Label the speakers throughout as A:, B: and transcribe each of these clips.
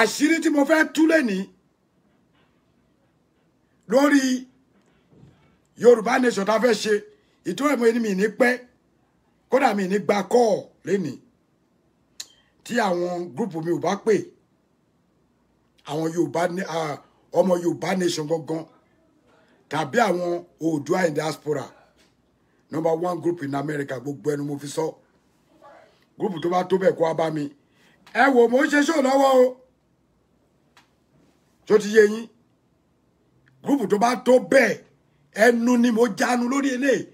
A: àṣírí tí mo fẹ́ tú lẹ́ni lórí yorùbá nation tá a fẹ́ ṣe ìtọ́ ẹ̀mọ́ ẹni mi ní pẹ́ kódà mi ní gba kọ́ọ̀ lẹ́ni tí àwọn gúrùpù mi ò bá pè àwọn yorùbá ọmọ yorùbá nation gangan tàbí àwọn oòdùà in diaspora number one group in America gbogbo ẹnu mo fi sọ gúrùpù tó bá tó bẹ̀ kó wá bá mi ẹ wò mo ń ṣe ṣó lọ́wọ́ o tó ti yé yín gúrùpù tó bá tó bẹ́ẹ̀ ẹnu ni mo jánu lórí eléyìí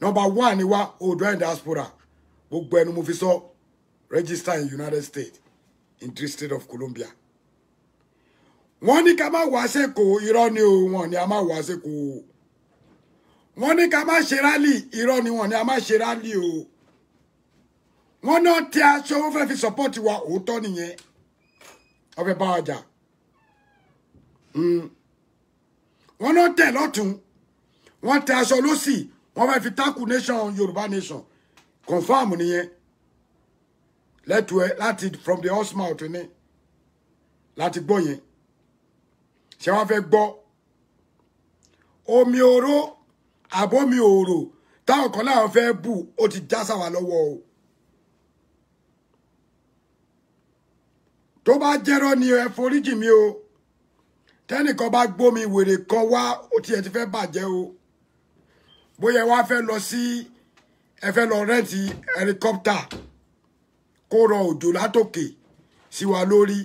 A: nọ́mbà one ni wa Oòduà and diaspora gbogbo ẹnu mo fi sọ register in United States in District of Columbia wọ́n ní ká má wá sẹ́kọ̀ọ́ irọ́ ni o wọ́n ní a má wá sẹ́kọ̀ọ́ wọ́n ní ká má ṣe rálì irọ́ ni wọ́n ní a má ṣe rálì o wọ́n náà tí aṣọ wọn fẹ́ fi support wa òótọ́ nìyẹn wọ́n fẹ́ bá wa jà. Hmm. wọ́n náà tẹ̀ lọ́tún wọ́n tẹ aṣọ lọ́sì wọ́n fẹ́ fi tákù nation yorùbá nation confam nìyẹn lẹ́tù ẹ láti from the horse mouth ní láti gbọ́ yẹn ṣé wọ́n fẹ́ gbọ́ omi oró àbómi òòrò táwọn kan láwọn fẹ́ bù ó ti já sáwà lọ́wọ́ o. tó bá jẹ́rọ́ ni ẹ foríjì mi o tẹ́nìkan bá gbómi wèrè kan wá ó tiẹ̀ ti fẹ́ bàjẹ́ o bóyá wá fẹ́ lọ sí ẹ fẹ́ lọ rẹ́ǹtì ẹlikọ́pítà kó rọ òjò látòkè sí wa lórí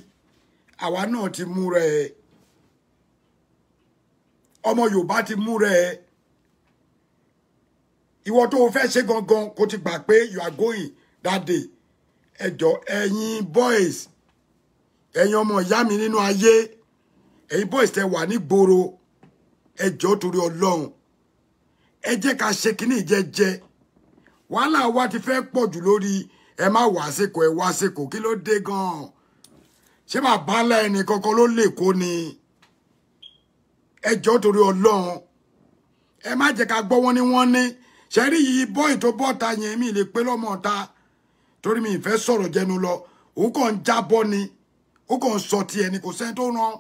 A: àwa náà ti múra ẹ ọmọ Yorùbá ti múra ẹ ìwọ tó o fẹ́ ṣe gangan kó ti gbà pé you are going that day ẹjọ ẹ̀yin boys ẹ̀yin ọmọ ìyá mi nínú ayé. No ẹ̀yin boys tẹ wà ní gbòòrò ẹ jọ̀ọ́ torí Ọlọ́run ẹ jẹ́ ká ṣe kíní jẹ́jẹ́ wàhálà wa ti fẹ́ pọ̀ jù lórí ẹ má wá síkò ẹ wá síkò kí ló dé gan-an ṣé bàbá ńlá ẹnì kankan ló lè kó ni ẹ jọ̀ọ́ torí Ọlọ́run ẹ má jẹ́ ká gbọ́ wọn ni wọ́n ní ṣẹ́rí yìí bọ́ì tó bọ́ta yẹn mi lè pé lọ́mọ ta torí mi ìfẹ́ sọ̀rọ̀ jẹnu lọ òun kàn ń jábọ́ ni ó kàn ń sọ tiẹ̀ ni kò sẹ́ni tó ràn án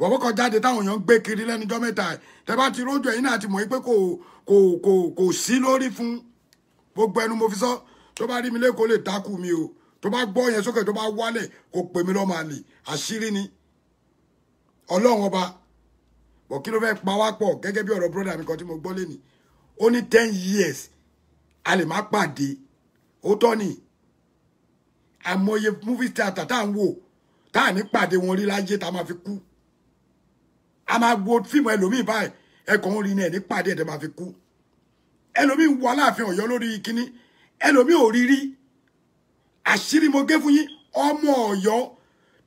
A: wọ́n kọ́ jáde táwọn èèyàn ń gbé kiri lẹ́nujọ́ mẹ́ta ẹ̀ tẹ́ bá ti rójú ẹ̀yìn náà ti mọ̀ pé kò kò kò kò sí lórí fún gbogbo ẹnu mo fi sọ tó bá rí mi lẹ́kọ̀ọ́ lè dákú mi o tó bá gbọ́ yẹn sókè tó bá wálẹ̀ kò pè mí lọ́mọ àlè àṣírí ni ọlọ́run ọba bọ̀ kí ló fẹ́ pa wá pọ̀ gẹ́gẹ́ bí ọ̀rọ̀ brọ́dà mi kan tí mo gbọ́ lé ni ó ní ten years a lè má pàdé ó tọ́ ni àmọye movie theatre tá à ń wò tá à ní pàdé wọn rí láyé tá a máa fi kú a máa wo fíìmù ẹlòmíì báyìí ẹkọ ń rí ní ẹni pàdé ẹ̀dẹ̀ máa fi kú ẹlòmíì wọ aláàfin ọ̀yọ́ lórí kínní ẹlòmíì ò rí rí àṣírí mo gé fún yín ọmọ ọ̀yọ́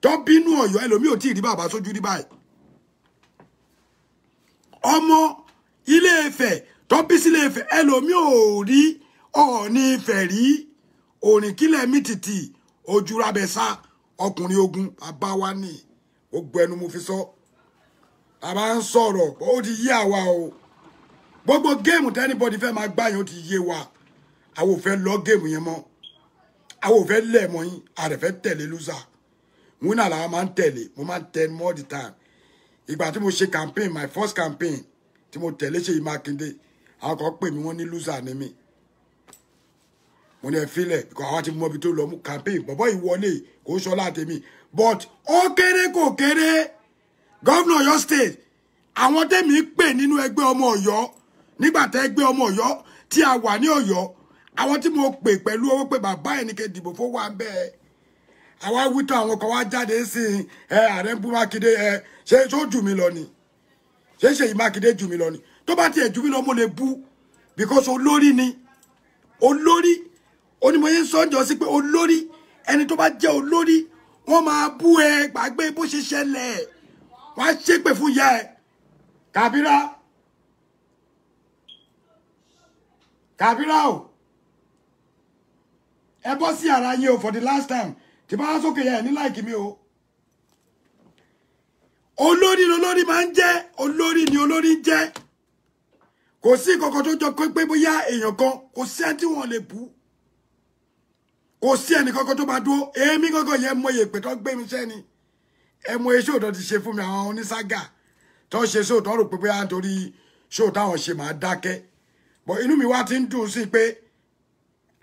A: tó bínú ọ̀yọ́ ẹlòmíì ò tí ì rí bàbá sójú rí báyìí ọmọ ilé Ifẹ̀ tó bí sílé Ifẹ̀ ẹlòmíì ò rí Ọọ̀ni Ifẹ̀ rí òrìn kílẹ̀ mí tìtì ojú rabẹ́sà ogun bàbá wa ní gbogbo ẹnu mo fi So a bá ń sọ̀rọ̀ ó ti yé àwa o gbogbo géèmù tẹ́nibọ́dì fẹ́ máa gbáyàn ó ti yé wa àwọn ò fẹ́ lọ géèmù yẹn mọ́ àwọn ò fẹ́ lẹ̀ mọ́ yín àrẹ̀ fẹ́ tẹ̀lé lùsà wọn náà làwọn máa ń tẹ̀lé mo máa ń tẹ more the time ìgbà tí mo ṣe campaign my first campaign tí mo tẹ̀lé Ṣèyí Mákindé àwọn kan pè mí wọ́n ní lùsà ni mí mo ní ẹ filẹ̀ because àwọn ti mọ ibi tó lọ mú campaign bọ̀bọ̀ ìwọlé kò ń ṣọlá tèmi but ó kéré kò kéré gọ́vnà ọ̀yọ́ state àwọn tẹ́mi pè nínú ẹgbẹ́ ọmọ ọ̀yọ́ nígbà tẹ́ ẹgbẹ́ ọmọ ọ̀yọ́ tí a wà ní ọ̀yọ́ àwọn tí mo pè pẹ̀lú owó pé bàbá ẹ̀ ní kẹ́ dìbò fún wa bẹ́ẹ̀ àwa wíta àwọn kan wá jáde sí ẹ ààrẹ ń bú mákindé ẹ ṣe tó jù mí lọ ni ṣe ṣe yìí mákindé jù mí lọ ni tó bá tiẹ̀ jù mí lọ mo lè bú because olórí ni olórí onímọ̀ye sọ́njọ́ sí pé olórí ẹni tó bá jẹ́ olórí wọ́n máa bú ẹ gbàgbé bó ṣe ṣẹlẹ̀ ẹ̀ wàá ṣépè fún ìyá ẹ kàbírà kàbírà o ẹ bọ́ sí ara yín o for the last time tí bá wá sókè yẹ ẹ ní láìkí mi o olórí ni olórí máa ń jẹ́ olórí ni olórí ń jẹ́ kò sí kankan tó jọ pé bóyá èèyàn kan kò sí ẹni tí wọ́n lè bú kò sí ẹnì kankan tó máa dúró èémí kankan yẹn mọ ìyèpè tó gbé mi sẹ́ni ẹ mọ iṣẹ́ òótọ́ ti ṣe fún mi àwọn oníṣágà tó ṣe iṣẹ́ òótọ́ rò pé pé à ń torí iṣẹ́ òótọ́ àwọn ṣe máa dákẹ́ bọ̀ inú mi wá ti ń dùn sí pé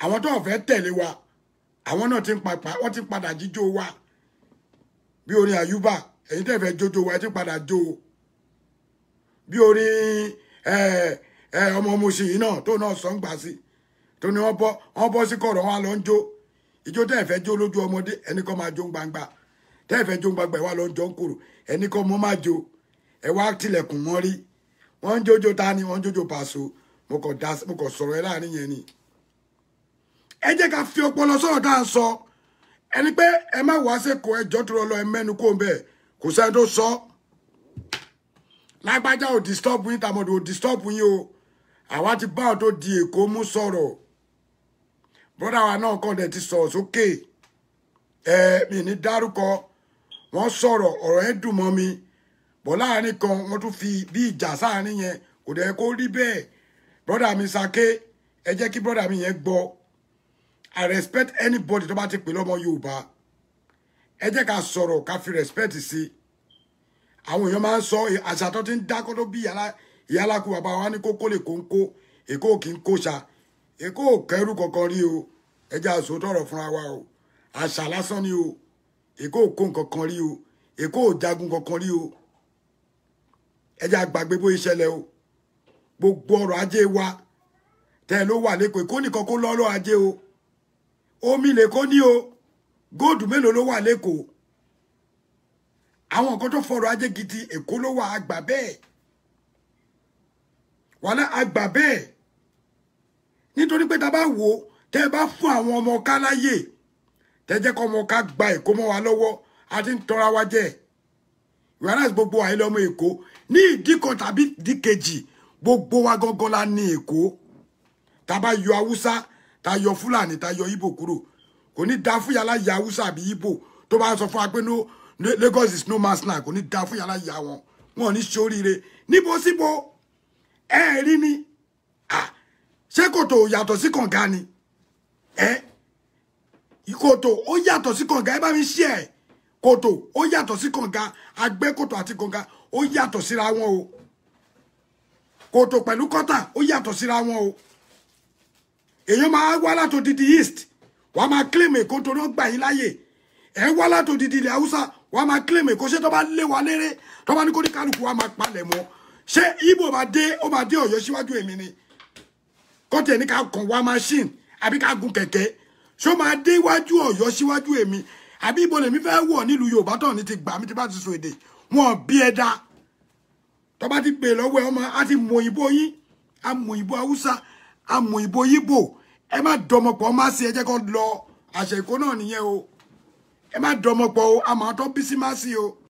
A: àwọn tó fẹ́ tẹ̀lé wa àwọn náà ti ń papà wọ́n ti padà jíjó wa bí orin àyùbá ẹ̀yin tẹ̀ fẹ́ jójó wa ẹ ti padà jó o bí orin ọmọ mùsùn yìí náà tó náà sọ ń gbà sí tó ní wọ́n bọ́ sí kọ̀rọ̀ wọn lọ ń jó ìjó tẹ̀ fẹ́ jó lójú ọmọdé ẹnì kan máa jó ń gbangba. tẹ́ẹ̀fẹ́ jó ń gbàgbà ìwà lọ ń kúrò ẹni kọ́ mo máa jó ẹ wá tilẹ̀kùn wọn rí wọ́n ń jójó ta ni wọ́n ń jójó Paso mo kàn dá mo kàn sọ̀rọ̀ ẹ láàrin yẹn ni. ẹ jẹ́ ká fi ọpọlọ sọ̀rọ̀ tá à ń sọ ẹni pé ẹ má wá sẹ́kọ̀ ẹjọ́ tó lọ ẹ mẹ́nu kó bẹ́ẹ̀ kò sẹ́ni tó sọ. lágbájá ò disturb yín tàmọ̀dù ò disturb yín o àwa ti bá ọ̀ tó di èkó mú sọ̀rọ̀ brọ́dà wa náà kàn dẹ̀ ti sọ̀rọ̀ sókè ẹ mi ní dárúkọ. wọ́n sọ̀rọ̀ ọ̀rọ̀ yẹn dùn mọ́ mi bọ̀ láàrin kan wọ́n tún fi bí ìjà sáàrin yẹn kò dẹ̀ kó rí bẹ́ẹ̀ brọ́dà mi sake ẹ jẹ́ kí brọ́dà mi yẹn gbọ́ i respect anybody tó bá ti pè lọ́mọ yorùbá ẹ jẹ́ ká sọ̀rọ̀ ká fi respect sí àwọn èèyàn máa ń sọ àṣà tó ti ń dákọ́ tó bí ìyáláku bàbá wa ní kókó lè kóńkó èkó kì í kóṣà èkó kẹrù kankan rí o ẹ jẹ́ àṣọ tọrọ fúnra wa o àṣà lásán ni o. Eko ò kó nǹkan kan rí o èkó ò jagun kankan rí o ẹjẹ àgbàgbé bó ìṣẹ̀lẹ̀ o gbogbo ọrọ̀ ajé wa tẹ ló wà lẹkọọ èkó nìkan kó lọrọ ajé o omi lẹkọ ní o góòdù mélòó ló wa leko, àwọn nǹkan tó fọrọ̀ ajé gidi èkó ló wà àgbà bẹ́ẹ̀ wàhálà àgbà bẹ́ẹ̀ nítorí pé tá a bá wò ó tẹ bá fún àwọn tẹ́jẹ́ kọ́ ọmọ ká gba èkó mọ́ wa lọ́wọ́ a ti ń tọ́ra wa jẹ́ whereas gbogbo wa ilé ọmọ èkó ní ìdí kan tàbí ìdí kejì gbogbo wa gangan la ní èkó tá a bá yọ haúsá tá a yọ fúlàní tá a yọ ibo kúrò kò ní da fún yàrá ya haúsá àbí ibo tó bá sọ fún wa pé no Lagos is no man's land kò ní da fún yàrá ya wọn wọn ní ṣoríire níbo síbo ẹ rí ni ṣé kòtò yàtọ̀ sí kànga ni Eh? ìkòtò ó yàtọ̀ sí kànga ẹ bá mi ṣí ẹ̀ kòtò ó yàtọ̀ sí kànga agbẹ́kòtò àti kànga ó yàtọ̀ síra wọn o kòtò pẹ̀lú kọ́tà ó yàtọ̀ síra wọn o èèyàn máa wá látò didi east wàá máa claim èkó torí ó gbà yín láàyè ẹ̀ wá látò didi ilẹ̀ haúsá wàá máa claim èkó ṣé tó bá lé wa léré tó bá ní kó ní kálukú wàá máa palẹ̀ mọ́ ṣé ibo máa dé ó máa dé ọ̀yọ́ síwájú èmi ni kọ́tà ẹ̀ ní ká kàn wá machine àbí ká gun kẹ̀kẹ́ ṣó máa dé iwájú Ọ̀yọ́ síwájú èmi àbí ibo lèmi fẹ́ wọ̀ nílùú Yorùbá tán ní ti gbà mí tí bá ti sọ èdè wọn bí ẹ dá tó bá ti pè lọ́wọ́ ẹ ọmọ á ti mọ òyìnbó yín á mọ òyìnbó Haúsá á mọ òyìnbó Yíbò ẹ má dọmọpọ̀ má sí ẹ jẹ́ kó lọ àṣẹ ìkó náà nìyẹn o ẹ má dọmọpọ̀ o àmọ́ àtọ́ bísí má sí o.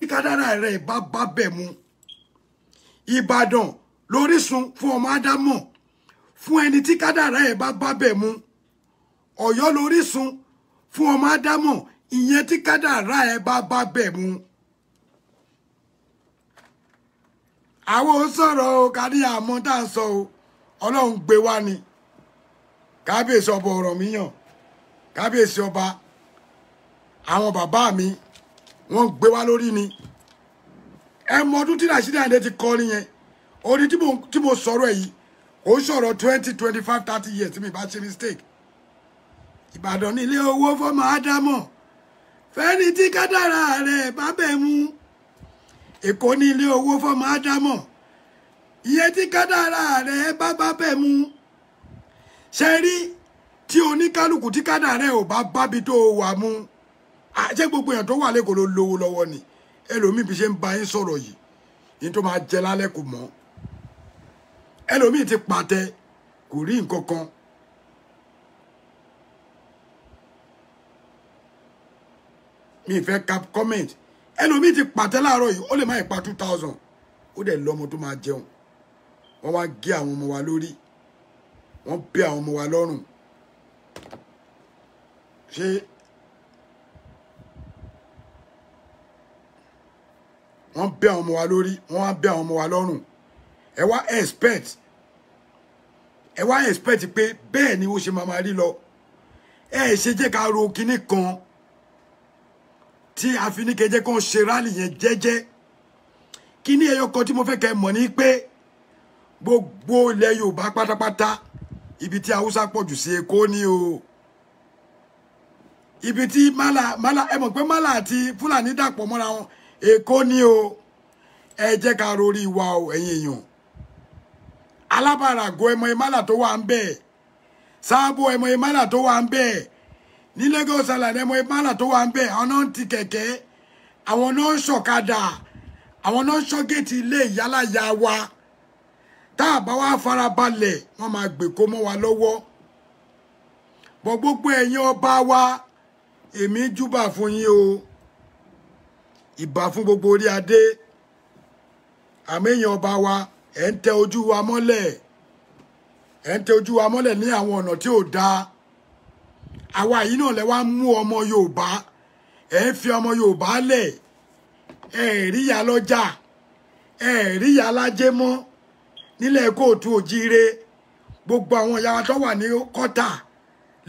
A: bí kádàrá rẹ̀ ìbá bá bẹ̀ mu ìbàdàn lórísun fún ọmọ ádámọ̀ fún ẹni tí kádàrá ẹ̀ bá bá bẹ̀ mu ọ̀yọ́ lórísun fún ọmọ ádámọ̀ ìyẹn tí kádàrá ẹ̀ bá bá bẹ̀ mu. àwọn ò sọ̀rọ̀ o kárí àmọ́ tá à ń sọ o ọlọ́run gbé wá ni kábíyèsí ọba ọ̀rọ̀ mi yàn kábíyèsí ọba àwọn bàbá mi wọ́n gbé wá lórí ni ẹ mọ ọdún tí Rasheed Ayinde ti kọ nìyẹn orin tí mo sọ̀rọ̀ ẹ̀ yìí ó sọ̀rọ̀ twenty twenty five thirty years tí mi bá ṣe mistake Ìbàdàn nílé owó fọmọ Ádámọ̀ fẹ́ni tí kádàrà rẹ̀ bá bẹ̀ mú Èkó nílé owó fọmọ Ádámọ̀ iye tí kádàrà rẹ̀ bá bá bẹ̀ mú ṣe rí tí oníkálukú tí kádàrà rẹ̀ ò bá bábi tó wà mú àjẹ́ ah, gbogbo èèyàn tó wà lẹ́kọ̀ọ́ ló lówó lọ́wọ́ ni ẹlòmíì bí ṣe ń ba yín sọ̀rọ̀ yìí ní tó máa jẹ lálẹ́ kò mọ́ ẹlòmíì ti pàtẹ kò rí nǹkan kan mi fẹ́ cap comment ẹlòmíì ti pàtẹ láàárọ̀ yìí ó lè má ìpa two thousand ó dẹ̀ lọ́mọ tó máa jẹun wọ́n wá gé àwọn ọmọ wa lórí wọ́n bẹ́ àwọn ọmọ wa lọ́rùn ṣé wọ́n bẹ́ àwọn ọmọ wa lórí wọ́n á bẹ́ àwọn ọmọ wa lọ́rùn ẹ wá expect ẹ wá expect pé bẹ́ẹ̀ ni ó ṣe máa máa rí lọ ẹ ṣe jẹ́ ká ro kinní kan tí àfinikẹ́jẹ́ kan ṣe rálì yẹn jẹ́jẹ́ kinní ẹyọ kan tí mo fẹ́ kẹ́ mọ̀ ni pé gbogbo ilẹ̀ Yorùbá pátápátá ibi tí Haúsá pọ̀ jù sí Èkó ni o ibi tí mala mala ẹ mọ̀ pé mala àti Fúlàní dàpọ̀ mọ́ra wọn èkó ni o ẹ jẹ́ ká rori wa o ẹ̀yin èèyàn alábàràgọ ẹmọ ìmàlà tó wà ń bẹ̀ sáàbò ẹmọ ìmàlà tó wà ń bẹ̀ ní Lagos Island ẹmọ ìmàlà tó wà ń bẹ̀ àwọn náà ń ti kẹ̀kẹ́ àwọn náà ń ṣọ̀kadà àwọn náà ń ṣọ́ géètì ilé ìyálàyà wa tá a bá wá farabalẹ̀ wọ́n máa gbèkó mọ́ wa lọ́wọ́ bọ́ gbogbo ẹ̀yin ọba wa èmi júbà fún yín o ìbà fún gbogbo orí adé àmẹ́yìn ọba wa ẹ̀ ń tẹ ojú wa mọ́lẹ̀ ẹ̀ ń tẹ ojú wa mọ́lẹ̀ ní àwọn ọ̀nà tí ò dáa àwa yìí náà lẹ wá ń mú ọmọ Yorùbá ẹ̀ ń fi ọmọ Yorùbá lẹ̀ ẹ̀ ríyà lọ́jà ẹ̀ ríyà lájẹ́ mọ́ nílẹ̀ kóòtù òjíire gbogbo àwọn ìyá wa tó wà ní kọ́tà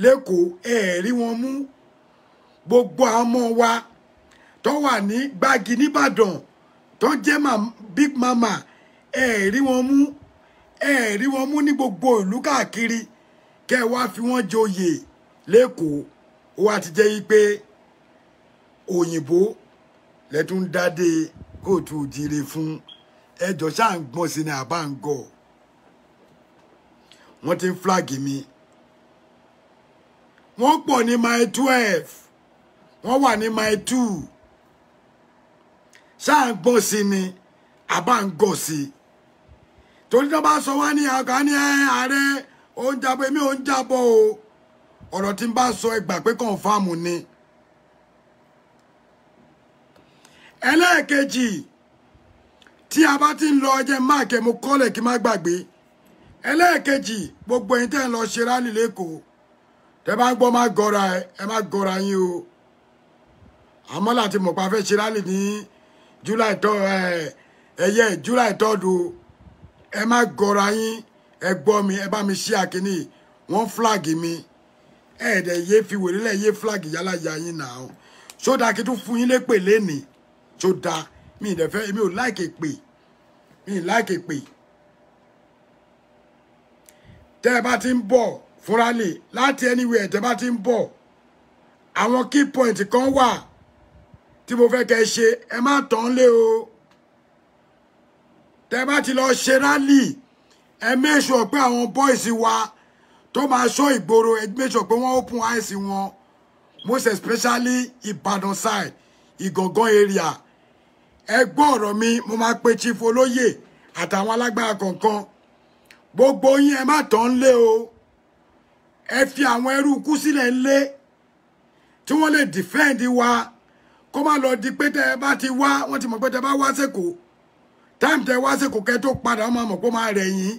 A: lẹ́kọ̀ọ́ ẹ̀ rí wọn mú gbogbo àwọn ọmọ wa tó wà ní gbági nìbàdàn tó jẹ́ big mama ẹ rí wọn mú ẹ rí wọn mú ní gbogbo ìlú káàkiri kẹ wá fi wọn joyè lẹ́kọ̀ọ́ ó wá ti jẹ́ yí pé òyìnbó lẹ́tún dáde kóòtù òjìire fún ẹjọ́ ṣáà ń gbọ́n sí ni àbá ń gọ̀ wọ́n ti ń flagi mi wọ́n pọ̀ ní mile twelve wọ́n wà ní my two ṣáà ń gbọ́ sí ni àbá ń gọ̀ sí i torí tó bá sọ wá ní àgbà ní ààrẹ ó ń ò ń jábọ̀ o ọ̀rọ̀ tí n bá sọ ẹgbà pé kọ̀ǹfàmù ni. ẹlẹ́ẹ̀kejì tí a bá ti ń lọ ọjẹ́ máàkì mo kọ́lẹ̀ kí má gbàgbé ẹlẹ́ẹ̀kejì gbogbo ẹ̀yin tẹ́ ń lọ ṣe rálì lẹ́kọ̀ọ́ tẹ́ bá ń gbọ́ má gọ́ra ẹ má gọ́ra yín o àmọ́ láti mọ̀ pa fẹ́ ṣe rálì ní july tọ ẹ ẹyẹ july tọdù ẹ má gọra yín ẹ gbọ́ mi ẹ bá mi ṣí àkíní wọ́n flag mi ẹ dẹ̀ yé fi wèrè lẹ̀ yé flag yálà ya yín nà ó sódà kí tún fún yín lépè lẹ́nì sódà mi ì dẹ̀fẹ́ mi ò láìkè pè mi ì láìkè pè tẹ́ ẹ bá ti ń bọ̀ fúnra lè láti anywhere tẹ́ ẹ bá ti ń bọ̀ àwọn key points. kan wà tí mo fẹ́ kẹ́ ṣe ẹ má tán lé o tẹ́ bá ti lọ ṣe rálì ẹ make sure pé àwọn boys wa tó máa ṣọ́ ìgboro ẹ make sure pé wọ́n open eyes wọn most especially Ìbàdàn side Ìgàngán area ẹ gbọ́ ọ̀rọ̀ mi mo máa pe chief olóyè àtàwọn alágbára kọ̀ọ̀kan gbogbo yín ẹ má tán lé o ẹ fi àwọn ẹrú kú sílẹ̀ ńlé tí wọ́n lè defend wa kó má lọ di pé tẹ ẹ bá ti wá wọn ti mọ̀ pé tẹ bá wá sẹ́kọ̀ọ́ táìmù tẹ wá sẹ́kọ̀ọ́ kẹ tó padà wọn máa mọ̀ pé ó máa rẹ̀ yín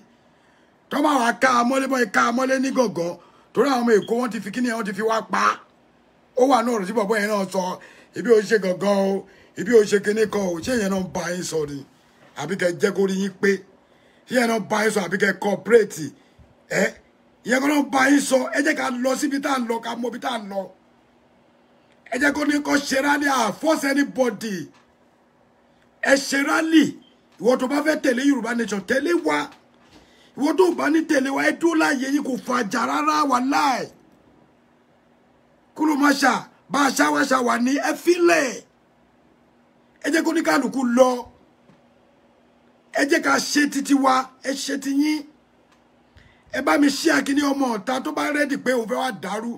A: tọ́ máa wá ká amọ́lé bọ́ ká amọ́lé ní gọ̀gàn torí àwọn ọmọ èkó wọn ti fi kíni wọn ti fi wá pa ó wà náà ọ̀rọ̀ tí bọ̀bọ̀ yẹn náà sọ ibi ò ṣe gọ̀gàn o ibi ò ṣe kíní kan o ṣé yẹn náà ń ba yín sọ ni àbí kẹ jẹ́ kó rí yín pé ṣé yẹn náà kan náà ń ẹ jẹ́ kó ní kó ṣe rálì à ah, force anybody ẹ ṣe rálì ìwọ tó bá fẹ́ tẹ̀lé Yorùbá nation tẹ̀lé wa ìwọ tó bá ní tẹ̀lé wa ẹ dúró láàyè yìí kò fàjà rárá wà láì kúrò má ṣà bá a ṣáwáṣà wà ní ẹ fílẹ̀ ẹ jẹ́ kó ní kálukú lọ ẹ jẹ́ ká ṣe títí wa ẹ ṣe ti yín ẹ bá mi ṣí àkíní ọmọ ọ̀tá tó bá rẹ́dì pé òun fẹ́ wá dàrú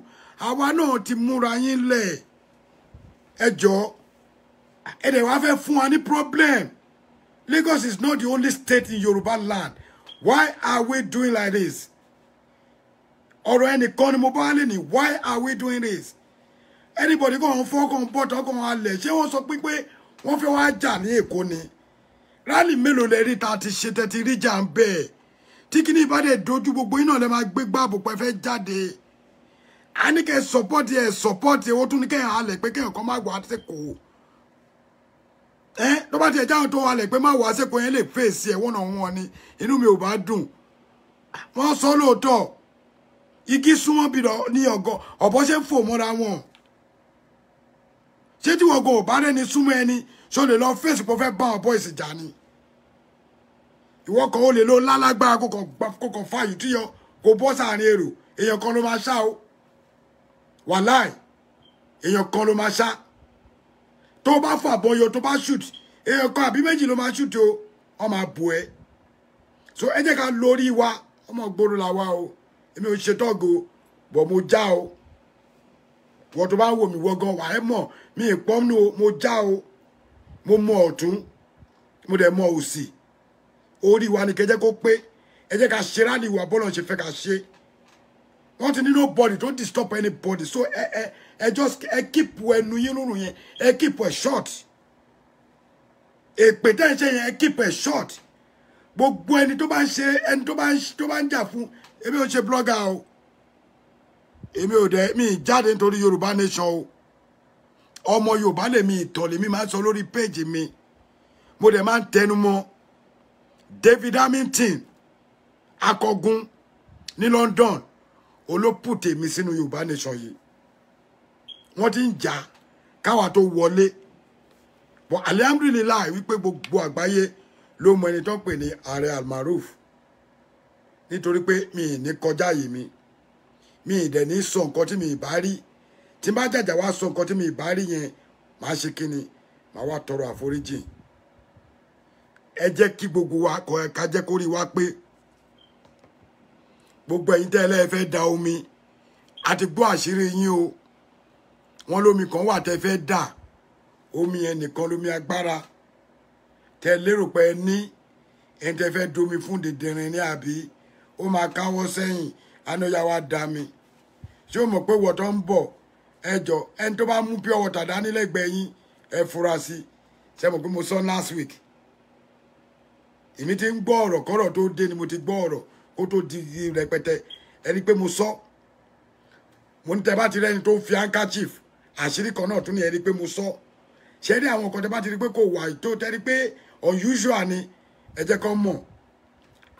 A: àwa náà ti múra yín lẹ̀ ẹ jọ̀ọ́ ẹ dẹ̀ wá fẹ́ fún wa ní problem Lagos is not the only state in Yoruba land why are we doing like this ọ̀rọ̀ ẹnìkan ni mo bá lè ní why are we doing this anybody kò ń fọ́ kò ń bọ̀ tó kò ń halẹ̀ ṣé wọ́n sọ pé pé wọ́n fẹ́ wá jà ní Èkó ni rálì mélòó lẹ rí ta ti ṣe tẹ́tí rí jà ń bẹ́ẹ̀ tí kíní ìbá dẹ̀ dojú gbogbo iná lẹ máa gbé gbàbò pẹ́ fẹ́ jáde. Ani ní support ẹ support ẹ wotu ni ní kẹ́ ẹ halẹ̀ pé kẹ́yìn kan má wà á sẹ́kọ̀ o ẹ tó bá tiẹ̀ jáwọn tó halẹ̀ pé má wà á sẹ́kọ̀ yẹn lè ni inú mi ò bá dùn wọ́n sọ lóòótọ́ igi súnmọ́ bí ní ọ̀gọ́ ọ̀bọ ṣe ń fò mọ́ra wọn ṣé tí wọ́n gan ò bá rẹ́ni súnmọ́ ẹni ṣó lè lọ fèsì pọ̀ fẹ́ bá ọ̀bọ ìsìjà ni ìwọ kan ó lè lo lálágbára kó kàn fàyè tíyọ kó bọ́ sáàrin èrò èèyàn kan ló máa ṣá o wàláì èèyàn kan ló máa ṣá tó bá fà bọyọ tó bá shoot èèyàn kan àbí méjì ló máa shoot o wọn máa bù ẹ so ẹ jẹ́ ká lórí wa ọmọ gbòòrò làwa o èmi ò ṣe tọ́gò bọ̀ mo já o wọ́n tó bá wò mí wọ́gán wà ẹ́ mọ̀ mi ì pọ́n nù o mo já o mo mọ ọ̀tún mo dẹ̀ mọ òsì orí wa ni kẹjẹ́ kó pé ẹ jẹ́ ká ṣe rálì wà bọ́lọ̀ ṣe fẹ́ ká ṣe wọ́n ti nobody don't disturb anybody so ẹ ẹ ẹ just ẹ keep when yín lóru yẹn ẹ keep a short èpè tẹ́ ń ṣe keep a short But when tó bá say and ẹni tó bá ń tó bá ń jà fún èmi ò ṣe blogger o èmi ò dẹ̀ mi jáde nítorí Yorùbá nation o ọmọ Yorùbá lèmi ìtàn lèmi máa ń sọ lórí péèjì mi mo dẹ̀ máa ń tẹnu David Hamilton akọgun ní London olópù tèmi sínú yorùbá nation yìí wọ́n ti ń jà káwa tó wọlé but alihamdulilayi wípé gbogbo àgbáyé ló mọ ẹni tó ń pè ní ààrẹ almaroof nítorí pé mi ì ní kọjá yìí mi mi ì dẹ̀ ní sọ nǹkan tí mi ì bá rí tí n bá jàjà wá sọ nǹkan tí mi ì bá rí yẹn màá ṣe kí ni màá wá tọrọ àforíjì ẹ jẹ́ kí gbogbo wa kọ ẹ ká jẹ́ kó rí wa pé gbogbo ẹ̀yin tẹ́lẹ̀ fẹ́ da omi a ti gbọ́ àṣírí yín o wọ́n lómi kan wà tẹ́ fẹ́ dà omi yẹn nìkan lómi agbára tẹ́ lérò pé ẹ ní ẹni tẹ́ fẹ́ domi fún dèdèrìn ní àbí ó máa káwọ́ sẹ́yìn anáyà wa dà mí ṣé o mọ̀ pé wọ́tọ́ ń bọ̀ ẹjọ́ ẹni tó bá mú pure water dání lẹ́gbẹ̀ẹ́ yín ẹ fura sí ṣé mọ̀ pé mo sọ last week èmi ti ń gbọ́ ọ̀rọ̀ kọ́rọ̀ tó dé ni mo ti gbọ́ ọ̀rọ̀ kó tó di rẹpẹtẹ ẹni pé mo sọ mo ní tẹ bá ti rẹni tó ń fi handkerchief àṣírí kan náà tún ní ẹni pé mo sọ ṣe ní àwọn kan tẹ bá ti rí pé kò wà tó tẹ rí pé unusual ni ẹ jẹ́ kó mọ̀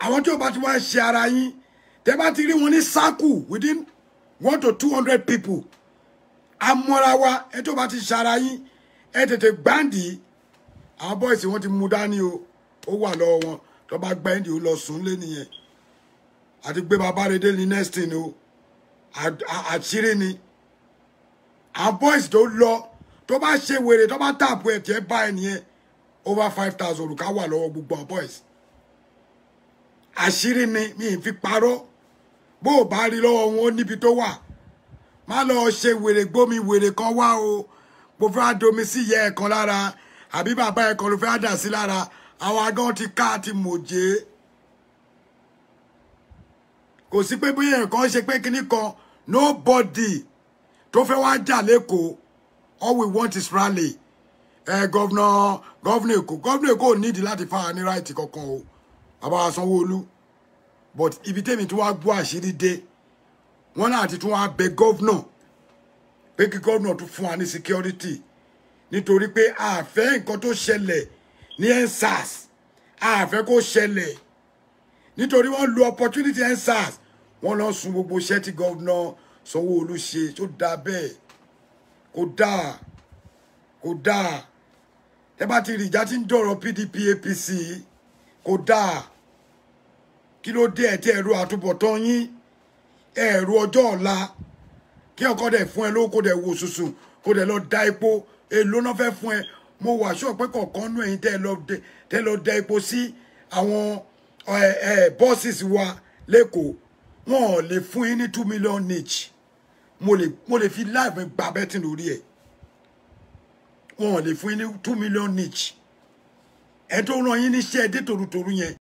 A: àwọn tí ò bá ti wá ṣe ara yín tẹ bá ti rí wọn ní circle within one to two hundred people amọ́ra wa ẹ tó bá ti ṣe ara yín ẹ tètè gbáǹdì àwọn bọ́ìsì wọn ti mú dání o ó wà lọ́wọ́ wọn tó bá gbáǹdì ó lọ sùn lé nìyẹn àti pé Babáredé ni next thing o àṣírí ni Our boys tó lọ tó bá ṣe wèrè tó bá tààpù ẹ̀ tí ẹ bá ẹ over five thousand òrùka wà lọ́wọ́ gbogbo àwọn boys àṣírí ni mi fi parọ́ bó o bá rí lọ́wọ́ wọn níbi tó wà má lọ ṣe wèrè gbómi wèrè kan wá o mo fẹ́ domi sí ìyá ẹ̀ kan lára àbí bàbá ẹ̀ kan ló fẹ́ dà sí lára àwọn agán ti ká àti mòjé kò sí pé bóyá nǹkan ṣe pé kíní kan nobody tó fẹ́ wá jà lẹ́kọ̀ọ́ all we want is rally ẹ gọ́vnà gọ́vnà èkó gọ́vnà èkó ò nídìí láti fáwọn ní ráìtì kankan o bàbá sanwó-olú but ibi tèmi tí wàá gbọ́ àṣírí dé wọ́n náà ti tún wàá bẹ gọ́vnà pé kí gọ́vnà tún fún wa ní security nítorí pé àfẹ́ nǹkan tó ṣẹlẹ̀ ní ensars àfẹ́ kó ṣẹlẹ̀ nítorí wọ́n lo opportunity and ensars wọ́n lọ sun gbogbo iṣẹ́ tí gọ́vnà Sanwó-Olú ṣe tó dáa bẹ́ẹ̀ kò dáa kò dáa ẹ bá ti rí ìjà tí ń dọ̀rọ̀ PDP APC kò dáa kí ló dé ẹ̀ tí ẹ̀rọ àtúbọ̀tán yín ẹ̀rọ ọjọ́ ọ̀la kí ọkọ dẹ̀ fún ẹ lówó kó dẹ̀ wo sùsùn kó dẹ̀ lọ da epo èlò náà fẹ́ fún ẹ mo wàásù ọ̀pẹ́ kọ̀ọ̀kan nú ẹ̀yìn tẹ́ lọ da epo sí àwọn. Si, bọ́sìs wa lẹ́kọ̀ọ́ wọn ò lè fún yín ní two million each mo lè mo lè fi láìpẹ́ gba bẹ́tìn lórí ẹ̀ wọn ò lè fún yín ní two million each ẹ̀ tó ràn yín níṣẹ́ dé tòrutòru yẹn